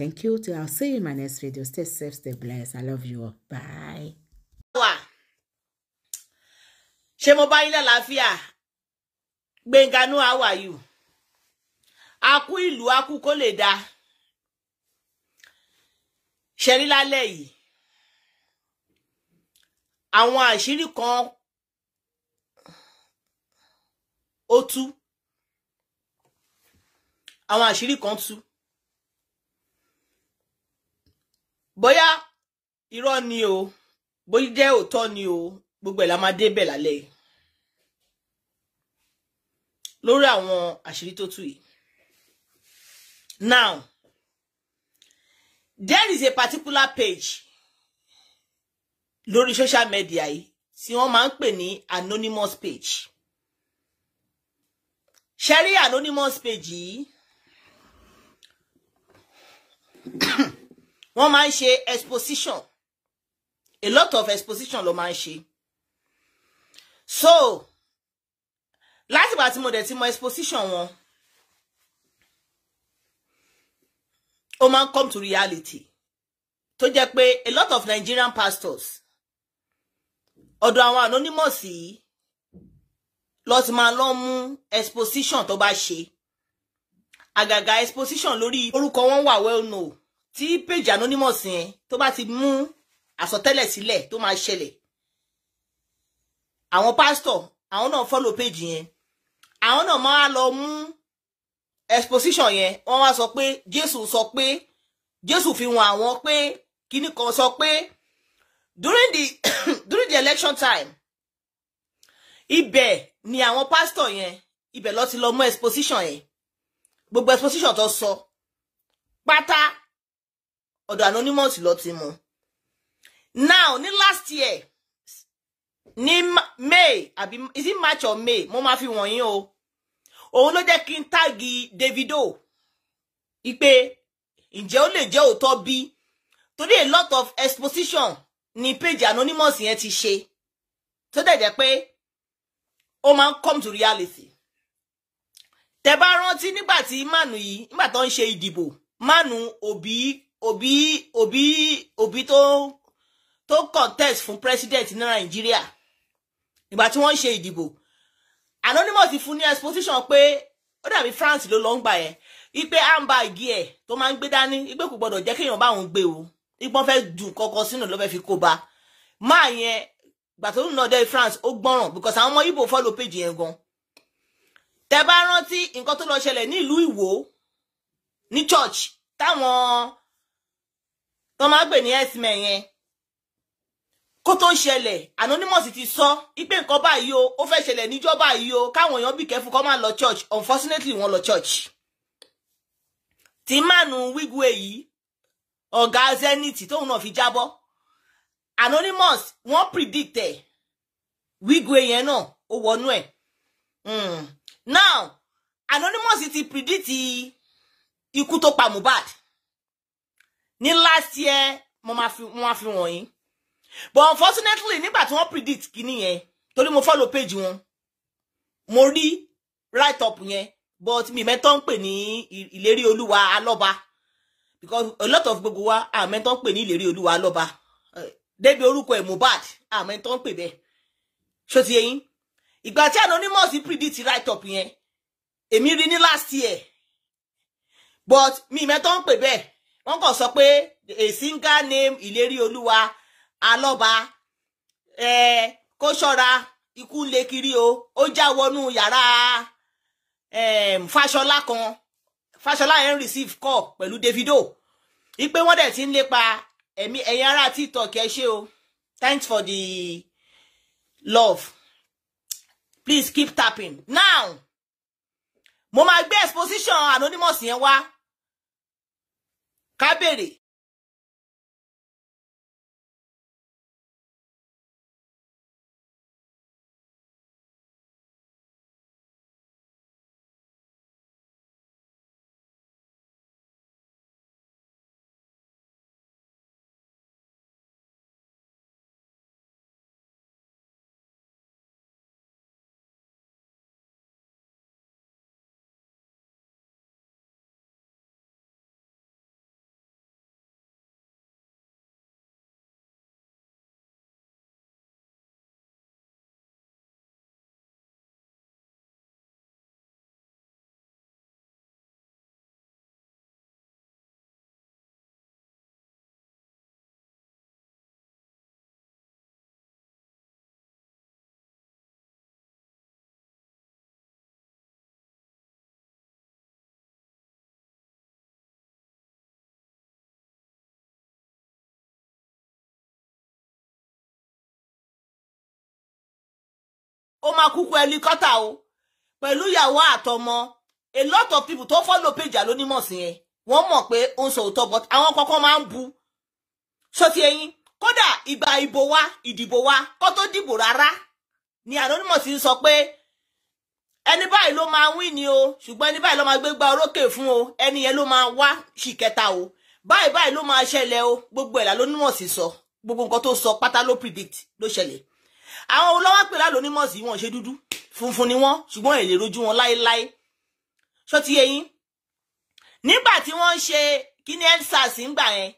Thank you. Till I'll see you in my next video. Stay safe, stay blessed. I love you all. Bye. ṣé mo bá yín lálàáfíà Gbénga Nuah how are you a kú ìlú a kú kó lè dáa ṣẹ̀rí lálẹ́ yìí àwọn àṣírí kan ó tú àwọn kan tú. bóyá irọ́ ni o bóyá jẹ́ òótọ́ ni o gbogbo ẹ̀ la máa débẹ̀ lálẹ́ lórí àwọn àṣírí tó tú yìí now there is a particular page lórí social media yìí tí wọ́n máa ń pè ní anonymous page ṣẹ́rí anonymous page yìí wọ́n máa ń ṣe exposition a lot of exposition ló máa ń ṣe so látìgbà tí mo dẹ̀ ti mọ exposition wọn ó máa ń come to reality tó jẹ́ pé a lot of Nigerian pastors ọ̀dọ̀ àwọn anonymous yìí ló ti máa lọ mú exposition tó bá ṣe àgàgà exposition lórí orúkọ wọn wà well known tí page anonymous yẹn To bá ti mú àsọtẹ́lẹ̀ sílẹ̀ tó máa ṣẹlẹ̀ àwọn pásítọ̀ àwọn náà follow page yẹn àwọn náà máa lọ mú exposition yẹn wọ́n wá sọ pé Jésù sọ pé Jésù fi hàn àwọn pé kíní kan sọ pé during the during the election time ibẹ̀ ni àwọn pásítọ̀ yẹn ibẹ̀ ló ti lọ mú exposition yẹn gbogbo exposition tó sọ pátá ọ̀dọ̀ anonymous lọ ti mú now ní last year ní May àbí is it March or May mo máa fi wọ̀nyí o òun ló jẹ́ kí n táàgì Davido ipe ǹjẹ́ ó lè jẹ́ òótọ́ bí torí a lot of exposition ni page anonymous yẹn ti ṣe tó dẹ̀ jẹ́ pé ó máa ń come to reality tẹ́ bá rántí nígbà tí mánu yìí nígbà tó ń ṣe ìdìbò mánu òbí Obi Obi òbí tó tó contest fún president ní nàìjíríà ìgbà tí wọ́n ń ṣe ìdìbò anonymous ti fún ní exposition pé ó dàbí france ló lọ ń gbà yẹn ipe amba igi ẹ̀ tó máa ń gbé dání ipe kò gbọdọ̀ jẹ́ kéèyàn bá òun gbé o ìgbọ́n fẹ́ ju kọ̀ọ̀kan sínú ló fẹ́ fi kó ba máa yẹn gbà tó ń nọdẹ france ó gbọ́ràn because àwọn ọmọ ibo follow page yẹn gan tẹ bá rántí nǹkan tó lọ ṣẹlẹ̀ ní ìlú ìwò ní church táwọn tó máa gbè ní x-men yẹn kó tó ṣẹlẹ̀ anonymous ti sọ ipe nǹkan báyìí o ó fẹ́ ṣẹlẹ̀ níjọ́ báyìí o káwọn èèyàn bí kẹ́fù kó máa lọ church unfortunately wọ́n lọ church tí mánu wígwe yìí ọ̀gá zenith tóun náà fi jábọ́ anonymous wọ́n predict ẹ̀ wígwe yẹn náà ó wọnú ẹ̀ hmm. now anonymous ti predict ikú tó pa Mohbad ní last year mo máa fi wọ́n yín but unfortunately nígbà tí wọ́n predict kíní yẹn torí mo follow page wọn mo rí write up yẹn but mi mẹ́tọ́ ń pè ní ìlérí olúwa alọ́ba because a lot of gbogbo wa àmẹ́tọ́ ń pè ní ìlérí olúwa alọ́ba débi orúkọ ẹ̀ Mohbad àmẹ́tọ́ ń pè bẹ́ẹ̀ ṣó ti yé yín ìgbà tí anonymous predict write up yẹn èmi rí ní last year but mi mẹ́tọ́ ń pè bẹ́ẹ̀ wọ́n kàn sọ pé a single name ìlérí olúwa alọ́ba kó ṣọ́ra ikú ń lé kiri o ó já wọnú yàrá fàṣọlá kan fàṣọlá yẹn receive call pẹ̀lú davido ipe wọ́n dẹ̀ ti ń lépa ẹ̀mí ẹ̀yin ará tiktok ẹ ṣé o thanks for the love please keep tapping now mo máa gbé exposition anonymous yẹn wá Caberi. O máa kúkú ẹlikọ́tà o pẹ̀lú ìyàwó àtọmọ a lot of people tó follow page Àlónímọ̀ sí yẹn wọ́n mọ̀ pé ó ń sọ òótọ́ but àwọn kankan máa ń bu sọtí ẹyin kódà ìgbà ìbò wa ìdìbò wa kó tó dìbò rárá ni Àlónímọ̀ ti ń sọ pé ẹni báyìí ló máa wí ni o ṣùgbọ́n ẹni báyìí ló máa gbégbá orókè fún o ẹni yẹn ló máa wá sì kẹta o báyìí báyìí ló máa ṣẹlẹ̀ o gbogbo ẹ̀ l'Àlónímọ̀ sì sọ gbogbo nǹkan tó sọ pátá ló predict ló ṣẹlẹ̀ àwọn olówó pè lálò onímọ̀ sí wọn ṣe dúdú funfun ni wọn ṣùgbọ́n èlè rojú wọn láéláé ṣó ti yé yín nígbà tí wọ́n ń ṣe kíní endsars ńgbà yẹn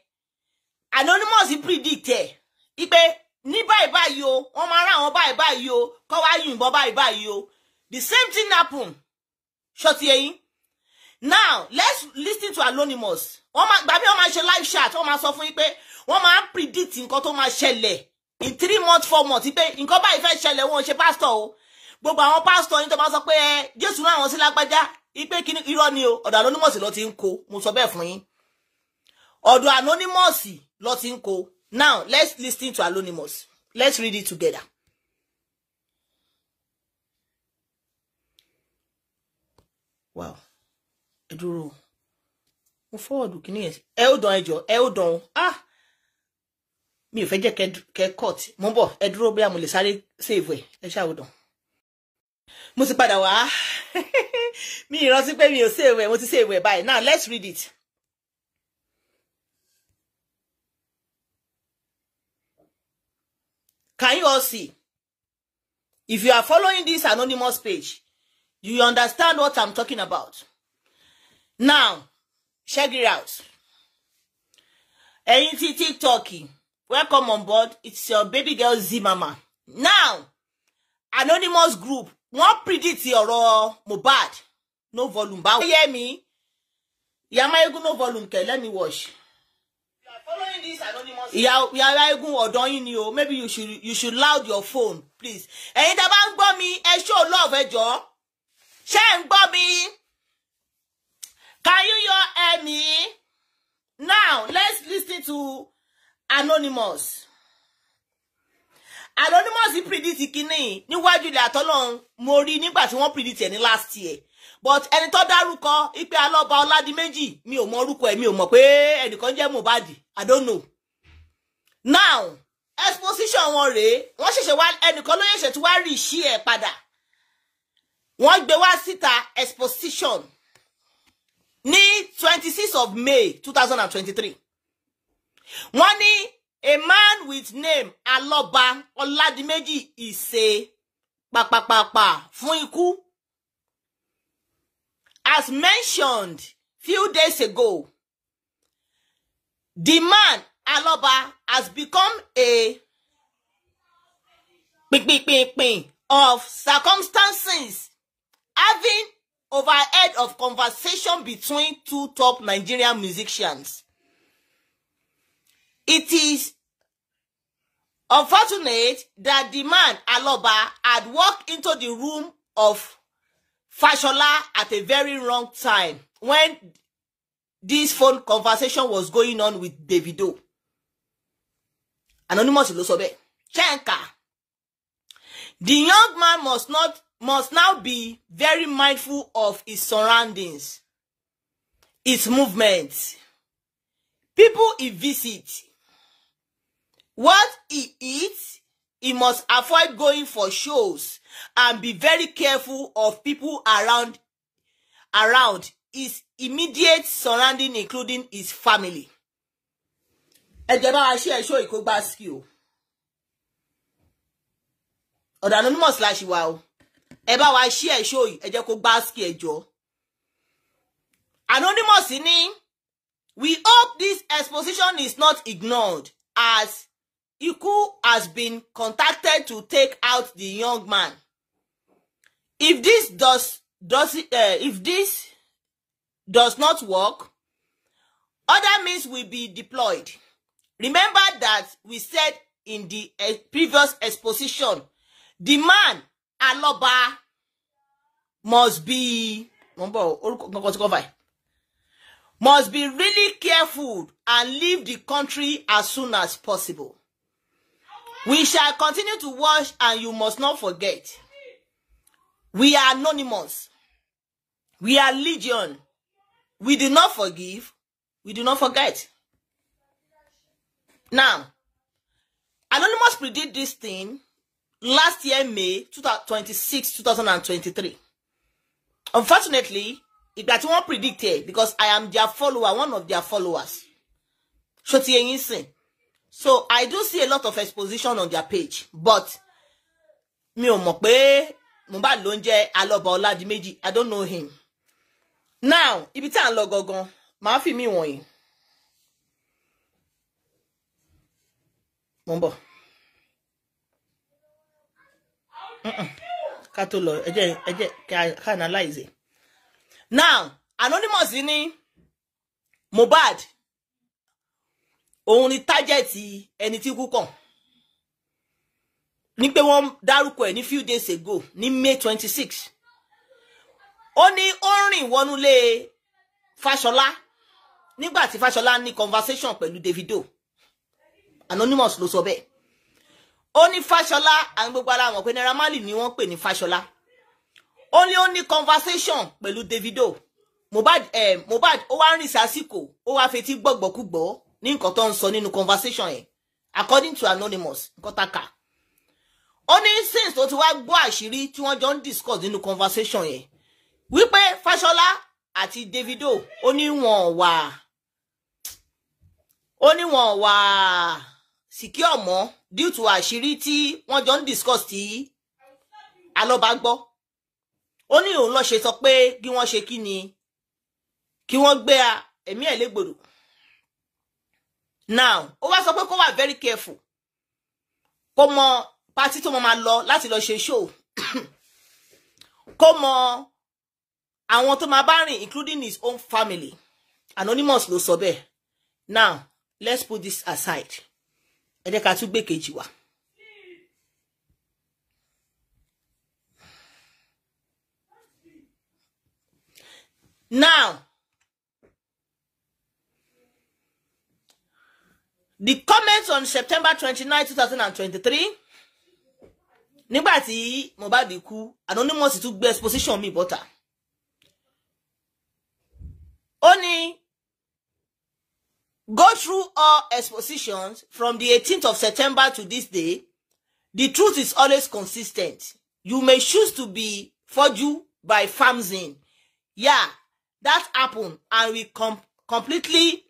anonymous predict ẹ̀ ipe ní báyìí báyìí o wọ́n máa rán àwọn báyìí báyìí o kọ́ wá yìnbọn báyìí báyìí o the same thing happen ṣó ti yé yín now let's listen to anonymous wọ́n máa gbàgbé wọ́n máa ṣe live chat wọ́n máa sọ fún yín pé wọ́n máa predict nǹkan tó máa ṣẹlẹ̀ in three months four months pé nǹkan báyìí fẹ́ ṣẹlẹ̀ wọn ṣe pásítọ̀ o gbogbo àwọn pásítọ̀ yín tó máa sọ pé ẹ eh, jésù náà àwọn sí lágbájá ipe kí irọ́ ni o ọ̀dọ̀ anonymous ló ti ń kó mo sọ bẹ́ẹ̀ fún yín ọ̀dọ̀ anonymous ló ti ń now let's listen to anonymous let's read it together. wow Eduro. dúró mo fọwọ́dù kí ni ẹ ó dán ẹ jọ ah mi ò fẹ́ jẹ́ kẹ́ court mo ń bọ̀ ẹ dúró bóyá mo lè sáré save ẹ̀ ẹ ṣàwòdàn mo ti padà wá mi ìrántí pé mi ò save ẹ̀ mo ti save ẹ̀ báyìí now let's read it. Can you all see? If you are following this anonymous page, you understand what I'm talking about. Now, check it out. Ẹ̀yin tí TikTok yìí. Welcome on board. It's your baby girl Z Mama. Now, anonymous group wọ́n predict ọ̀rọ̀ Mohbad no volume báwo. hear me ìyá Máyégún no volume kẹ̀ let me watch. ìyá ìyá Máyégún ọ̀dọ́ yín ni o maybe you should you should loud your phone please. ẹ̀yin tá a bá ń gbọ́ mi ẹ show love ẹ jọ̀ọ́ ṣé ẹ̀ ń gbọ́ mi can you hear me now let's listen to anonymous anonymous predict kínní níwájú ilẹ̀ àtọ́lọ́hún mo rí nígbà tí wọ́n predict ẹ̀ ní last year but ẹni tó dárúkọ ipe alọba meji mi o mọ orúkọ ẹ̀ mi ò mọ̀ pé ẹnìkan jẹ́ Mohbad i don't know now exposition wọn rèé wọ́n ṣẹ̀ṣẹ̀ wá ẹnìkan ló ṣẹ̀ṣẹ̀ tí wá rí ìṣí ẹ̀ padà wọ́n gbé wá síta exposition ní twenty six of May two thousand and twenty three wọ́n ní a man with name alọ́ba ọ̀làdìmẹ́jì ìṣe pàpàpàpà fún ikú as mentioned few days ago the man alọ́ba has become a pinpinpinpin of circumstances having overhead of conversation between two top Nigerian musicians. It is unfortunate that the man, Aloba, had walked into the room of Fashola at a very wrong time when this phone conversation was going on with Davido. Anonymous ló sọ bẹ́ẹ̀. Chenka. The young man must not must now be very mindful of his surroundings, his movements, people he visits, What he eats, he must avoid going for shows and be very careful of people around around his immediate surrounding including his family. ẹjẹ bá wa ṣe ẹṣọ ìkógbá sí o ọ̀dọ̀ anonymous la ṣì wà o ẹ bá wa ṣe ẹṣọ yìí ẹ jẹ́ kó gbá sí anonymous ni we hope this exposition is not ignored as Iku has been contacted to take out the young man. If this does does uh, if this does not work, other means will be deployed. Remember that we said in the uh, previous exposition, the man Aloba must be must be really careful and leave the country as soon as possible. We shall continue to watch, and you must not forget. We are anonymous. We are legion. We do not forgive. We do not forget. Now, Anonymous predid this thing last year, May 26, 2023. Unfortunately, ìgbà tí wọ́n predict it because I am their follower, one of their followers. Ṣó ti yé yín so i do see a lot of exposition on their page but mi ò mọ̀ pé Mohbad ló ń jẹ́ alọ́ba ọládìméjì i don't know him now ibi tá à ń lọ gangan màá fi mí wọ̀nyí mo ń bọ̀ ká tó lọ ẹ jẹ́ ká analyze e. now anonymous ní Mohbad òun ni tájẹ̀tì ẹni tí kú kàn ní pé wọ́n dárúkọ ẹ̀ ní few days ago ní May twenty six ó ní ó rìn wọnúlé Fáṣọlá nígbà tí Fáṣọlá ní conversation pẹ̀lú Davido anonymous ló sọ bẹ́ẹ̀ ó ní Fáṣọlá àwọn gbogbo ara wọn pé Naira Marley ni wọ́n pè ní Fáṣọlá ó ní ó ní conversation pẹ̀lú Davido Mohbad eh, Mohbad ó wá ń rìn sásìkò ó wá fetí gbọ̀gbọ̀kúgbọ̀ọ́ ní nǹkan tó ń sọ nínú conversation yẹn according to anonymous nǹkan tá a kà ó ní since tó ti wá gbọ́ àṣírí tí wọ́n jọ ń discuss nínú conversation yẹn wípé Fáṣọlá àti Davido ó ní wọ́n wà ó ní wọ́n wà secure mọ́ due to àṣírí tí wọ́n jọ ń discuss tí alọ́ba gbọ́ ó ní òun ló ṣe sọ pé kí wọ́n ṣe kí ni kí wọ́n gbé ẹ̀mí ẹ̀ légbodò now ó wá sọ pé kó wà very careful kó mọ pátí to mọ máa lọ láti lọ ṣe show kó mọ àwọn tó máa bá rìn including his own family anonymous ló sọ be. now let's put this aside ẹ jẹ́ ká tún gbé kejì wá. now the comments on September twenty nine two thousand and twenty-three nígbà tí Mohbad kú anonymous tún gbé exposition mi bọ́tà ó ní go through all expositions from the eighteenth of September to this day the truth is always consistent you may choose to be forged by famzin yeah that happen and we com completely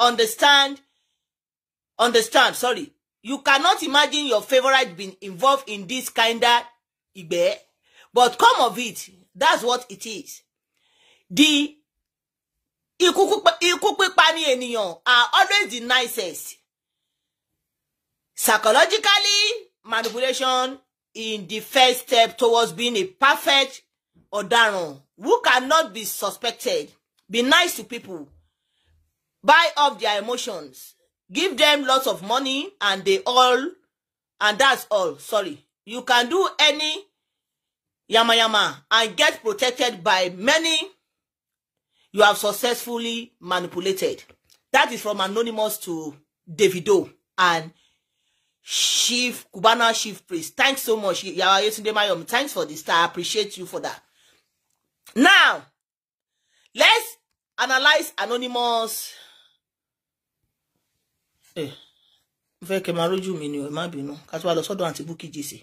understand understand sorry you cannot imagine your favorite being involved in this kinda igbe but come of it that's what it is the ikú pípa ní ènìyàn are always the nicest psychologically manipulation in the first step towards being a perfect ọ̀daràn who cannot be suspected be nice to people buy off their emotions give them lots of money and they all and that's all sorry you can do any yama yama and get protected by many you have successfully manipulated that is from anonymous to davido and chief Kubana chief priest thanks so much thanks for this i appreciate you for that now let's analyze anonymous Eh, ẹ fẹ́ kẹ́ máa rójú mi ni ọ̀ má bínú ká tó wá lọ sọ́dọ̀ àǹtí Bukky Jease